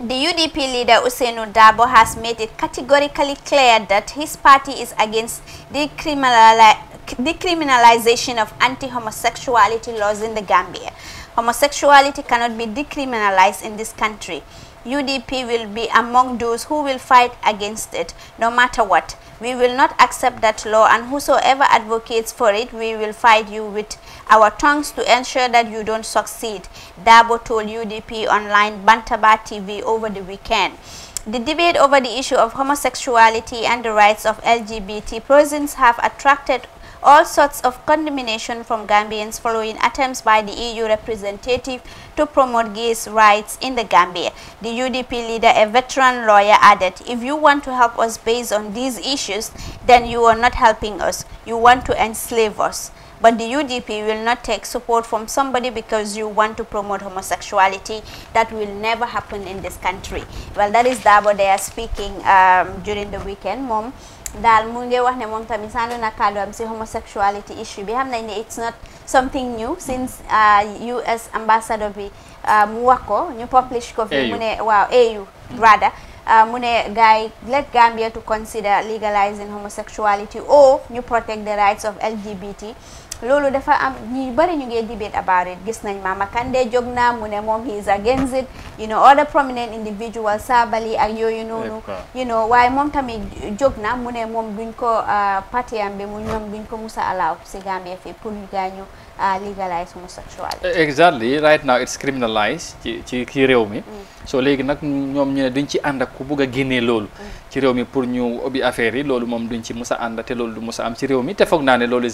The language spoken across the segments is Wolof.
The UDP leader Usainu Dabo has made it categorically clear that his party is against decriminali decriminalization of anti-homosexuality laws in the Gambia. Homosexuality cannot be decriminalized in this country. UDP will be among those who will fight against it, no matter what. We will not accept that law and whosoever advocates for it, we will fight you with our tongues to ensure that you don't succeed, Dabo told UDP online Bantaba TV over the weekend. The debate over the issue of homosexuality and the rights of LGBT persons have attracted all sorts of condemnation from Gambians following attempts by the EU representative to promote gays' rights in the Gambia. The UDP leader, a veteran lawyer, added, if you want to help us based on these issues, then you are not helping us. You want to enslave us but the UDP will not take support from somebody because you want to promote homosexuality. That will never happen in this country. Well, that is Dabo they are speaking um, during the weekend, Mom. daal mu ngi wax ne na kàddu am homosexuality issue bi xam nañ it's not something new since US uh, ambassador bi uh, mu wax ko ñu publish ko fi mu ne waaw au rather uh, mu ne let Gambia to consider legalizing homosexuality or you protect the rights of LGBT loolu dafa am ñu bëri ñu ngee debate about it gis nañ Mama Kandeh jóg na mu ne moom he is against it you know other prominent individuals Sabally ak yooyu noonu you waaye moom tamit jog na mu ne moom duñ ko uh, parti am bi mu ñoom duñ ko musa allow si Gambia fi pour ñu a uh, legalize homosexuality exactly right now it's criminalized ci ci ci réew mi mm. so léegi nag ñoom ñu ne duñ ci ànd ak ku bugg a loolu mm. ci réew mi pour ñu ubbi affaire yi loolu moom duñ ci musa ànd te loolu du musa am ci réew mi te foog naa ne loolu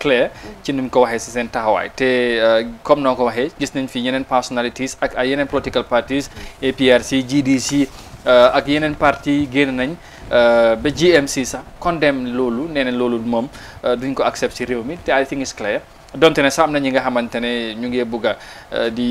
clair ci ni mu ko waxee si seen taxawaay te euh, comme noo ko waxee gis nañ fi yeneen personalities ak ay yeneen political parties APRC GDC euh, ak yeneen parti génn nañ euh, ba GMC sax condemn loolu nee na loolu moom duñ ko accept si réew mi te I think is clear donte ne sax am na ñi nga xamante ne ñu ngee bugg a di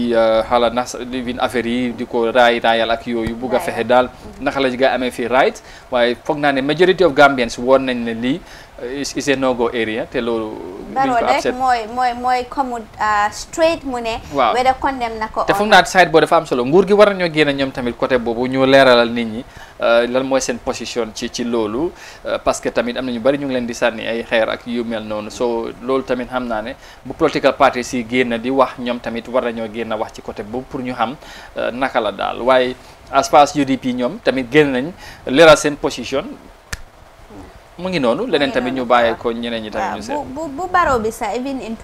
xala nas li affaire yi di ko raay raayal ak yooyu bugg a fexe daal naka la gaa amee fii right waaye foog naa ne majority of Gambians woon nañ ne lii Uh, is a no-go area te loolu. baro mooy mooy mooy comme uh, straight mu ne. waaw weda condemn na ko. te foog naa side boo dafa am solo nguur gi war nañoo génn ñoom tamit côté boobu ñu leeralal nit ñi uh, lan mooy seen position ci ci loolu parce que tamit am na ñu bari ñu ngi leen di sànni ay xeer ak yu mel noonu so loolu tamit xam naa ne bu political parties yi génn di wax ñoom tamit war na nañoo génn wax ci côté boobu pour ñu xam naka la daal waaye as far as UDP ñoom tamit génn nañ leeral seen position. mu ngi noonu leneen tamit ñu bàyyee ko ñeneen ñi ah, bu bu baro bi sax even in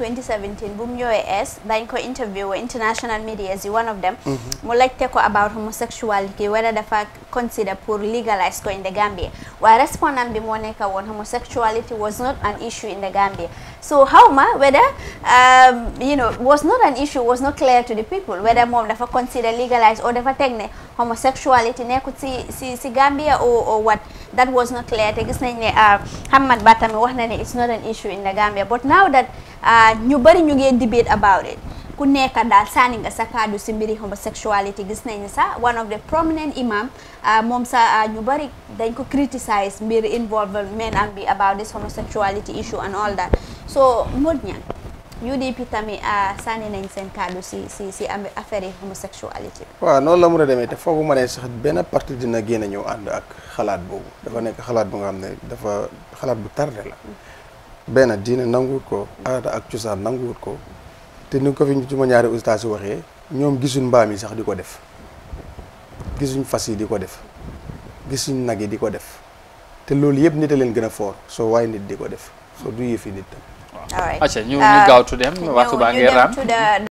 mu ñëwee es dañ ko interview wa international media yi one of them mm-hmm. mu laajte ko about homosexuality whether dafa consider pour legalize ko in the Gambia waaye respondant bi moo nekk woon homosexuality was not an issue in the Gambia so xawma whether um, you know was not an issue was not clear to the people whether moom dafa consider legalize or dafa teg ne homosexuality nekkut si si si Gambia or or what that was not clear te gis nañ ni ah, Hamat Bah tamit wax na ne it's not an issue in the Gambia but now that ah, ñu bëri ñu ngee debate about it ku nekk daal sànni nga sa kàddu si mbiri homosexuality gis nañ sa one of the prominent imam ah, moom sa ñu bëri dañ ko criticize mbir involvement am bi about this homosexuality issue and all that so Modou Niang UDP tamit ah, sànni nañ seen kàddu si si si am affaire yi homosexualité bi. waaw noonu la mun a demee te foogu ma ne sax benn parti dina génn ñëw ànd ak xalaat boobu dafa nekk xalaat bu nga xam ne dafa xalaat bu tardé la. benn diine nanguwut ko aada ak cosaan nanguwut ko te ni ko fi ñu ma ñaari ustaas yi waxee ñoom gisuñ mbaam yi sax di ko def gisuñ fas yi di ko def gisuñ nag yi di ko def te loolu yëpp nit a leen gën a foor soo waaye nit di ko def soo du yëfi nit tam waaw ayca ñu ñu gaaw to dem waxtu baa ngi raam